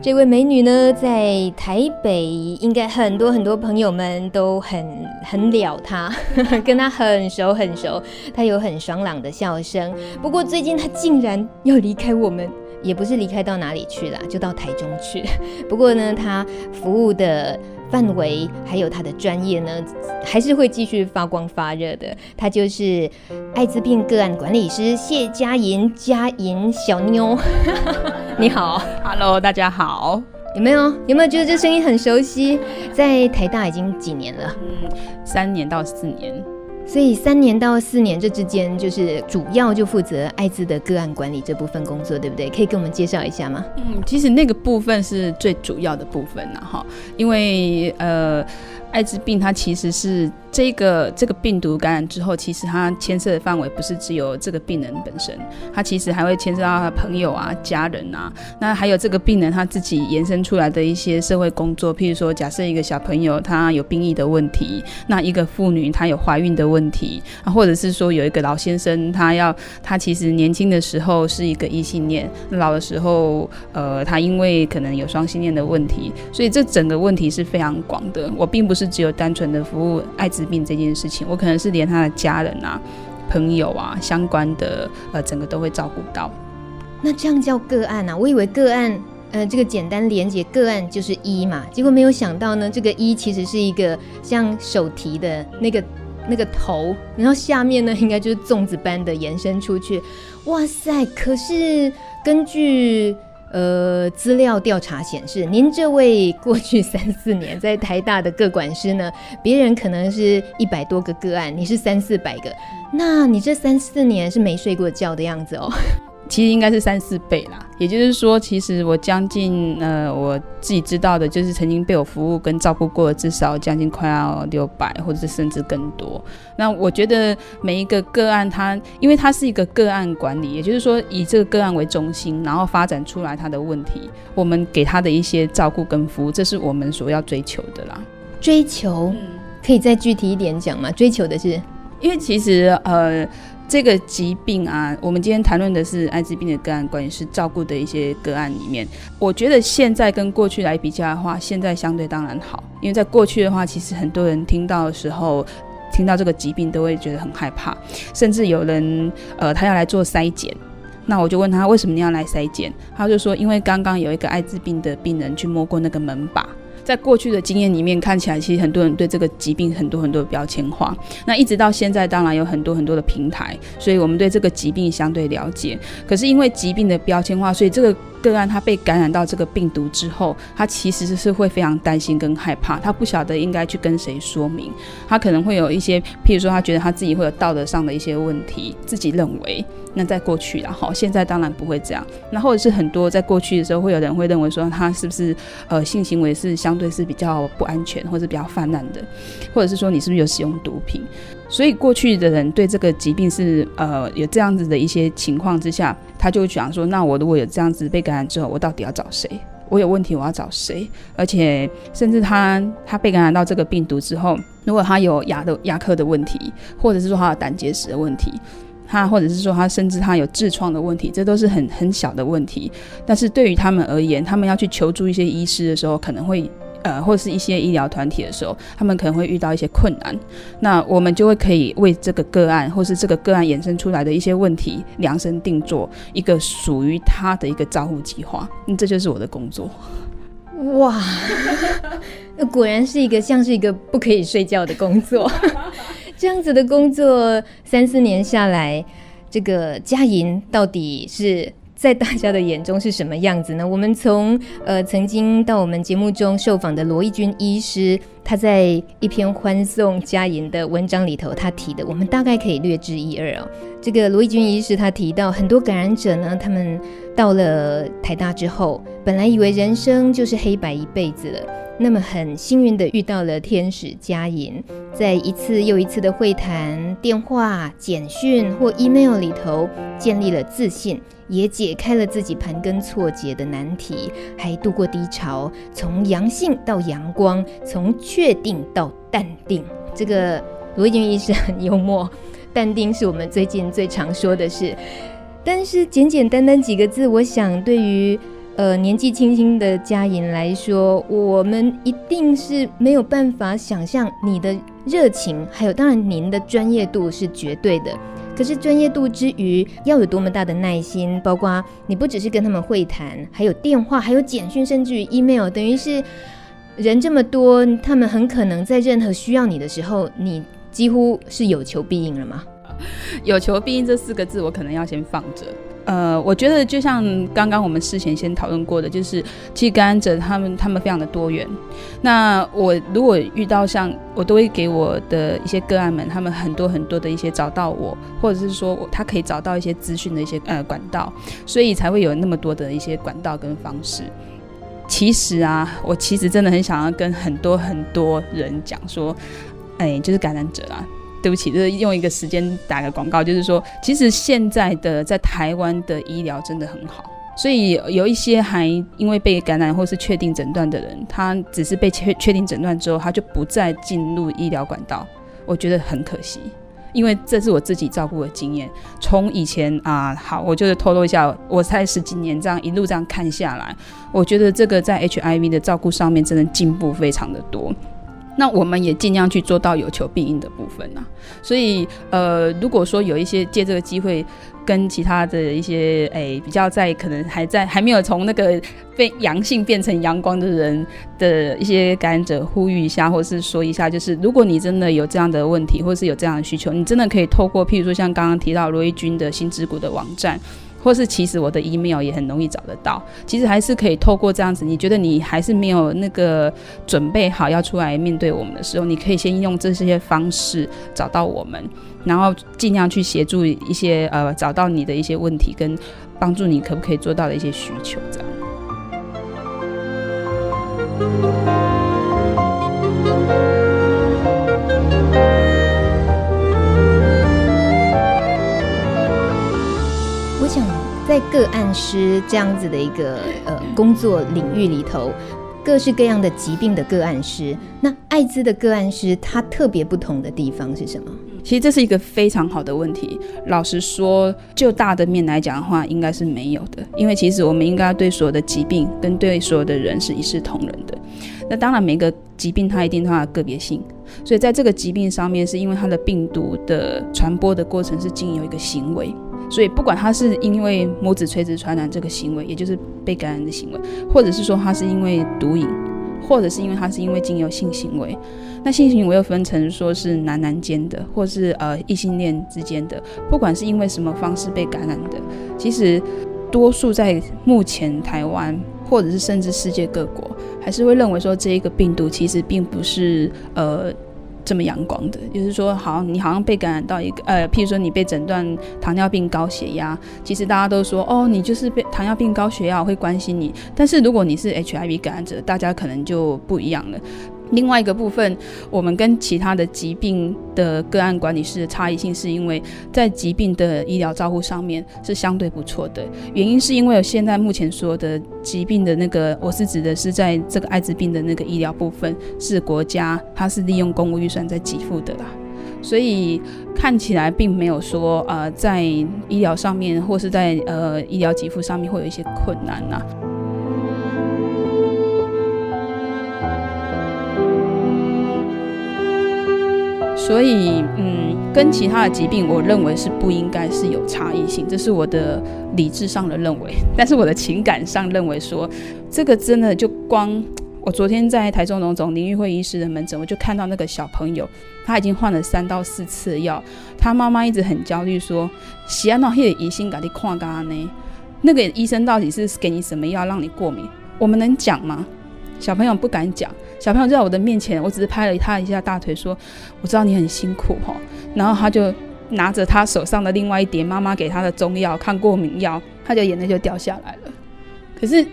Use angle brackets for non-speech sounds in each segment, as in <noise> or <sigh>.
這位美女呢，在台北應該很多很多朋友們都很很了她， <laughs> 跟她很熟很熟，她有很爽朗的笑聲。不過最近她竟然要離開我們，也不是離開到哪裡去啦，就到台中去。不過呢，她服務的範圍還有她的專業呢，還是會繼續發光發熱的。她就是艾滋病個案管理師謝佳吟，佳吟小妞。 <laughs> 你好，Hello，大家好，有沒有有沒有覺得這聲音很熟悉？在台大已經幾年了？嗯，三年到四年，所以三年到四年這之間，就是主要就負責艾滋的個案管理這部分工作，對不對？可以跟我們介紹一下嗎？嗯，其實那個部分是最主要的部分了啊哈，因為呃。艾滋病它其實是這個這個病毒感染之後，其實它牽涉的範圍不是只有這個病人本身，它其實還會牽涉到他朋友啊、家人啊，那還有這個病人他自己延伸出來的一些社會工作。譬如說，假設一個小朋友他有病疫的問題，那一個婦女她有懷孕的問題啊，或者是說有一個老先生他要他其實年輕的時候是一個異性戀，老的時候呃他因為可能有雙性戀的問題，所以這整個問題是非常廣的。我並不。是只有單純的服務艾滋病這件事情，我可能是連他的家人啊、朋友啊相關的呃整個都會照顧到。那這樣叫個案啊？我以為個案，呃，這個簡單連接個案就是一、e、嘛，結果沒有想到呢，這個一、e、其實是一個像手提的那個那個頭，然後下面呢應該就是粽子般的延伸出去。哇塞！可是根據。呃，資料調查顯示，您這位過去三四年在台大的個管師呢，別人可能是一百多個個案，你是三四百個，那你這三四年是沒睡過覺的樣子哦。其實應該是三四倍啦，也就是說，其實我將近呃，我自己知道的，就是曾經被我服務跟照顧過，至少將近快要六百，或者是甚至更多。那我覺得每一個個案它，它因為它是一個個案管理，也就是說以這個個案為中心，然後發展出來它的問題，我們給它的一些照顧跟服務，這是我們所要追求的啦。追求可以再具體一點講嗎？追求的是，因為其實呃。這個疾病啊，我們今天談論的是艾滋病的個案，關於是照顧的一些個案裡面，我覺得現在跟過去來比較的話，現在相對當然好，因為在過去的話，其實很多人聽到的時候，聽到這個疾病都會覺得很害怕，甚至有人呃，他要來做篩檢，那我就問他為什麼你要來篩檢？他就說，因為剛剛有一個艾滋病的病人去摸過那個門把。在過去的經驗裡面，看起來其實很多人對這個疾病很多很多的標籤化。那一直到現在，當然有很多很多的平台，所以我們對這個疾病相對了解。可是因為疾病的標籤化，所以這個個案他被感染到這個病毒之後，他其實是會非常擔心跟害怕。他不曉得應該去跟誰說明，他可能會有一些，譬如說他覺得他自己會有道德上的一些問題，自己認為。那在過去然後現在當然不會這樣。那或者是很多在過去的時候，會有人會認為說他是不是呃性行為是相對對，是比較不安全，或者是比較泛濫的，或者是說你是不是有使用毒品？所以過去的人對這個疾病是呃有這樣子的一些情況之下，他就想說：那我如果有這樣子被感染之後，我到底要找誰？我有問題我要找誰？而且甚至他他被感染到這個病毒之後，如果他有牙的牙科的問題，或者是說他有膽結石的問題，他或者是說他甚至他有痔瘡的問題，這都是很很小的問題。但是對於他們而言，他們要去求助一些醫師的時候，可能會。呃，或者是一些醫療團體的時候，他們可能會遇到一些困難，那我們就會可以為這個個案，或是這個個案衍生出來的一些問題，量身定做一個屬於他的一個照顧計劃。那、嗯、這就是我的工作。哇，那 <laughs> 果然是一個像是一個不可以睡覺的工作， <laughs> <laughs> 這樣子的工作三四年下來，這個佳吟到底是？在大家的眼中是什麼樣子呢？我們從呃曾經到我們節目中受訪的羅一鈞醫師，他在一篇歡送佳吟的文章裡頭，他提的，我們大概可以略知一二哦。這個羅一鈞醫師他提到，很多感染者呢，他們到了台大之後，本來以為人生就是黑白一輩子了。那麼很幸運的遇到了天使佳吟，在一次又一次的會談、電話、簡訊或 email 裡頭，建立了自信，也解開了自己盤根錯節的難題，還度過低潮，從陽性到陽光，從確定到淡定。這個羅已娟醫師很幽默，淡定是我們最近最常說的事。但是簡簡單單幾個字，我想對於。呃，年紀輕輕的佳吟來說，我們一定是沒有辦法想象你的熱情，還有當然您的專業度是絕對的。可是專業度之餘，要有多麼大的耐心，包括你不只是跟他們會談，還有電話，還有簡訊，甚至於 email，等於是人這麼多，他們很可能在任何需要你的時候，你幾乎是有求必應了嗎？有求必應這四個字，我可能要先放着。呃，我覺得就像剛剛我們事前先討論過的，就是其實感染者他們他們非常的多元。那我如果遇到像我都會給我的一些個案們，他們很多很多的一些找到我，或者是說他可以找到一些資訊的一些呃管道，所以才會有那麼多的一些管道跟方式。其實啊，我其實真的很想要跟很多很多人講說，哎，就是感染者啊。對不起，就是用一個時間打個廣告，就是說，其實現在的在台灣的醫療真的很好，所以有一些還因為被感染或是確定診斷的人，他只是被確確定診斷之後，他就不再進入醫療管道，我覺得很可惜，因為這是我自己照顧的經驗。從以前啊，好，我就是透露一下，我才十幾年這樣一路這樣看下來，我覺得這個在 HIV 的照顧上面真的進步非常的多。那我們也盡量去做到有求必應的部分吶、啊。所以，呃，如果說有一些借這個機會跟其他的一些誒、哎、比較在可能還在還沒有從那個被陽性變成陽光的人的一些感染者呼籲一下，或是說一下，就是如果你真的有這樣的問題，或是有這樣的需求，你真的可以透過譬如說像剛剛提到羅一鈞的心之谷的網站。或是其實我的 email 也很容易找得到，其實還是可以透過這樣子。你覺得你還是沒有那個準備好要出來面對我們的時候，你可以先用這些方式找到我們，然後盡量去協助一些呃，找到你的一些問題跟幫助你可不可以做到的一些需求，這樣。個案師這樣子的一個呃工作領域裡頭，各式各樣的疾病的個案師，那艾滋的個案師他特別不同的地方是什麼？其實這是一個非常好的問題。老實說，就大的面來講的話，應該是沒有的，因為其實我們應該要對所有的疾病跟對所有的人是一視同仁的。那當然，每個疾病它一定有它的個別性，所以在這個疾病上面，是因為它的病毒的傳播的過程是經由一個行為。所以，不管他是因為母子垂直傳染這個行為，也就是被感染的行為，或者是說他是因為毒癮，或者是因為他是因為經由性行為，那性行為又分成說是男男間的，或是呃異性戀之間的，不管是因為什麼方式被感染的，其實多數在目前台灣，或者是甚至世界各國，還是會認為說這一個病毒其實並不是呃。這麼陽光的，就是說，好像，你好像被感染到一個，呃，譬如說你被診斷糖尿病、高血壓，其實大家都說，哦，你就是被糖尿病、高血壓我會關心你，但是如果你是 HIV 感染者，大家可能就不一樣了。另外一個部分，我們跟其他的疾病的個案管理師的差異性，是因為在疾病的醫療照護上面是相對不錯的。原因是因為現在目前說的疾病的那個，我是指的是在這個艾滋病的那個醫療部分，是國家它是利用公務預算在給付的啦，所以看起來並沒有說呃，在醫療上面或是在呃醫療給付上面會有一些困難啦。所以，嗯，跟其他的疾病，我認為是不應該是有差異性，這是我的理智上的認為。但是我的情感上認為說，這個真的就光我昨天在台中榮總林育會醫師的門診，我就看到那個小朋友，他已經換了三到四次藥，他媽媽一直很焦慮說，洗安那 he 性咖哩況咖呢？那個醫生到底是給你什麼藥讓你過敏？我們能講嗎？小朋友不敢講。小朋友就在我的面前，我只是拍了他一下大腿，說：“我知道你很辛苦。”吼，然後他就拿着他手上的另外一疊媽媽給他的中藥、抗過敏藥，他就眼淚就掉下來了。可是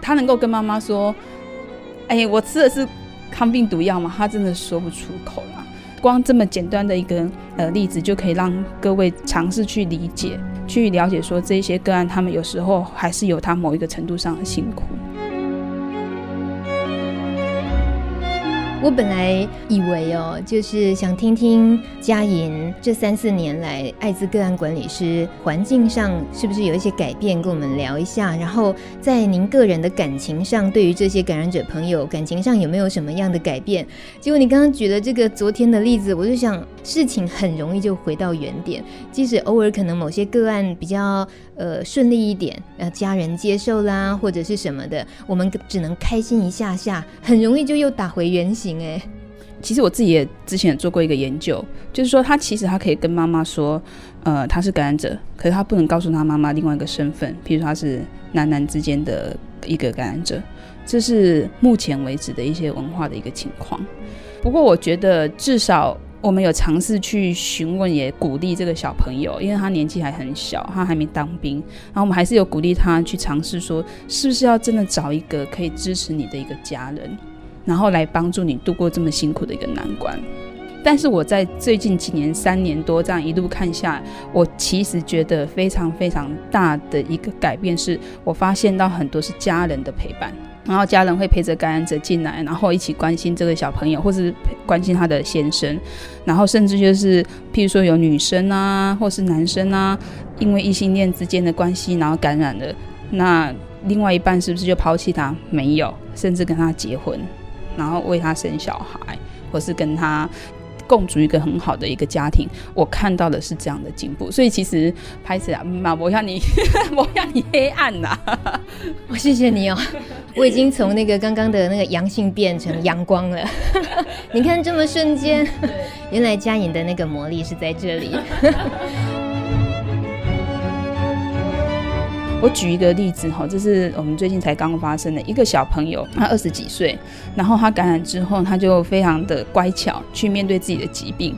他能夠跟媽媽說：“哎、欸，我吃的是抗病毒藥嗎？”他真的說不出口了。光這麼簡單的一個呃例子，就可以讓各位嘗試去理解、去了解，說這些個案他們有時候還是有他某一個程度上的辛苦。我本來以為哦，就是想聽聽佳吟這三四年來艾滋個案管理師環境上是不是有一些改變，跟我們聊一下。然後在您個人的感情上，對於這些感染者朋友，感情上有沒有什麼樣的改變？結果你剛剛舉了這個昨天的例子，我就想。事情很容易就回到原點，即使偶爾可能某些個案比較呃順利一點，呃家人接受啦或者是什麼的，我們只能開心一下下，很容易就又打回原形哎、欸。其實我自己也之前也做過一個研究，就是說他其實他可以跟媽媽說，呃他是感染者，可是他不能告訴他媽媽另外一個身份，譬如他是男男之間的一個感染者，這是目前為止的一些文化的一個情況。不過我覺得至少。我們有嘗試去詢問，也鼓勵這個小朋友，因為他年紀還很小，他還沒當兵。然後我們還是有鼓勵他去嘗試說，說是不是要真的找一個可以支持你的一個家人，然後來幫助你度過這麼辛苦的一個難關。但是我在最近幾年三年多這樣一路看下來，我其實覺得非常非常大的一個改變是，是我發現到很多是家人的陪伴。然後家人會陪着感染者進來，然後一起關心這個小朋友，或是關心他的先生。然後甚至就是，譬如說有女生啊，或是男生啊，因為異性戀之間的關係，然後感染了，那另外一半是不是就拋棄他？沒有，甚至跟他結婚，然後為他生小孩，或是跟他。共築一個很好的一個家庭，我看到的是這樣的進步，所以其實拍攝啊，馬博你，馬博你黑暗吶、啊，我謝謝你哦，我已經從那個剛剛的那個陽性變成陽光了， <laughs> 你看這麼瞬間，原來佳吟的那個魔力是在這裡。 <laughs> 我舉一個例子哈，這是我們最近才剛發生的一個小朋友，他二十幾歲，然後他感染之後，他就非常的乖巧去面對自己的疾病，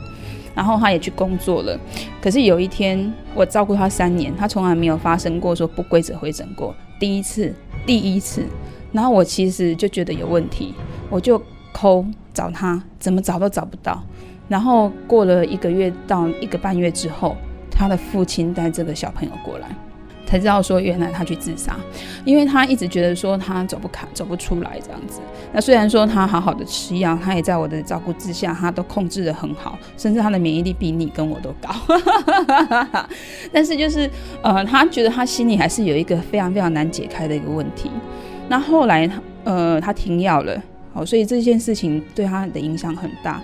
然後他也去工作了。可是有一天，我照顧他三年，他從來沒有發生過說不規則回診過，第一次，第一次。然後我其實就覺得有問題，我就摳找他，怎麼找都找不到。然後過了一個月到一個半月之後，他的父親帶這個小朋友過來。才知道說，原來他去自殺，因為他一直覺得說他走不開、走不出來這樣子。那雖然說他好好的吃藥，他也在我的照顧之下，他都控制得很好，甚至他的免疫力比你跟我都高。 <laughs> 但是就是呃，他覺得他心裡還是有一個非常非常難解開的一個問題。那後來他呃，他停藥了。哦，所以這件事情對他的影響很大。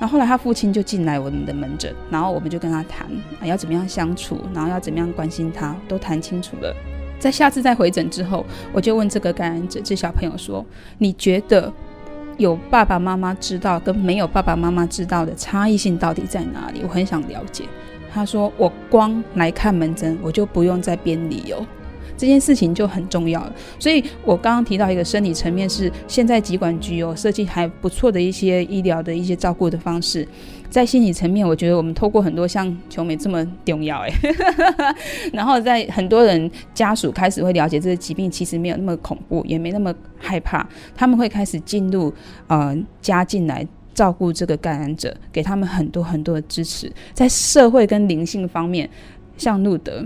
那後，後來他父親就進來我們的門診，然後我們就跟他談，要怎麼樣相處，然後要怎麼樣關心他，都談清楚了。在下次再回診之後，我就問這個感染者這小朋友說：“你覺得有爸爸媽媽知道跟沒有爸爸媽媽知道的差異性到底在哪裡？”我很想了解。他說：“我光來看門診，我就不用再編理由。”這件事情就很重要了，所以我剛剛提到一個生理層面，是現在疾管局有設計還不錯的一些醫療的一些照顧的方式。在心理層面，我覺得我們透過很多像瓊美這麼重要誒、欸， <laughs> 然後在很多人家屬開始會了解這個疾病其實沒有那麼恐怖，也沒那麼害怕，他們會開始進入呃家境來照顧這個感染者，給他們很多很多的支持，在社會跟靈性方面，像露德。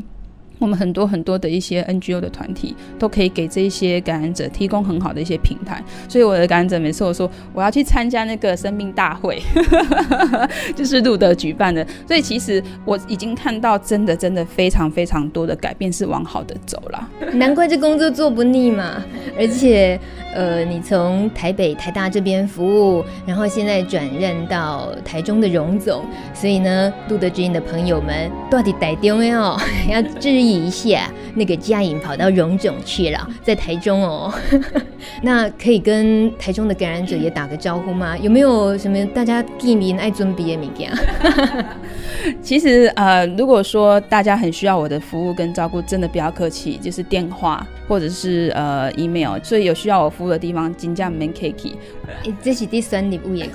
我們很多很多的一些 NGO 的團體都可以給這一些感染者提供很好的一些平台，所以我的感染者每次我說我要去參加那個生命大會呵呵呵，就是露德舉辦的，所以其實我已經看到真的真的非常非常多的改變是往好的走了。難怪這工作做不膩嘛！而且呃，你從台北台大這邊服務，然後現在轉任到台中的榮總，所以呢，露德之音的朋友們到底在丟沒有？要注意。一下，那個佳吟跑到榮總去了，在台中哦。 <laughs> 那可以跟台中的感染者也打個招呼嗎？有沒有什麼大家見名愛尊比的物件？ <laughs> 其實呃，如果說大家很需要我的服務跟照顧，真的不要客氣，就是電話或者是呃 email。E、mail, 所以有需要我服務的地方真的，金家門 Kiki，這是第三禮物耶！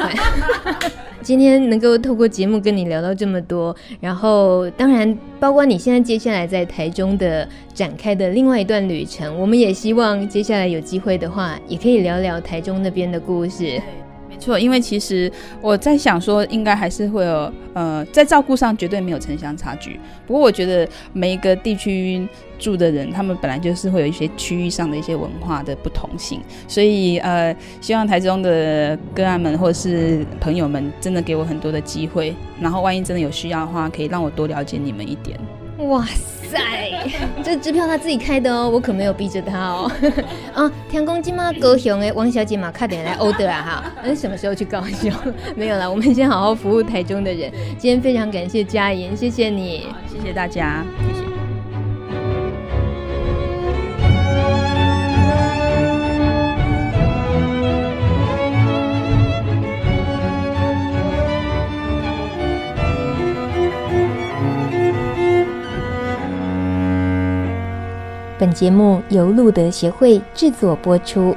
今天能夠透過節目跟你聊到這麼多，然後當然包括你現在接下來在台中的展開的另外一段旅程，我們也希望接下來有機會的話，也可以聊聊台中那邊的故事。沒錯，因為其實我在想說，應該還是會有，呃，在照顧上絕對沒有城鄉差距。不過我覺得每一個地區住的人，他們本來就是會有一些區域上的一些文化的不同性，所以呃，希望台中的歌友們或是朋友們，真的給我很多的機會，然後萬一真的有需要的話，可以讓我多了解你們一點。哇塞！這 <laughs> 支票他自己開的哦，我可沒有逼着他哦。 <laughs> 啊，天公雞嗎？高雄的王小姐嘛，快點來 order 啊！哈，你什麼時候去高雄？沒有了，我們先好好服務台中的人。今天非常感謝佳吟，謝謝你，謝謝大家。本節目由露德協會製作播出。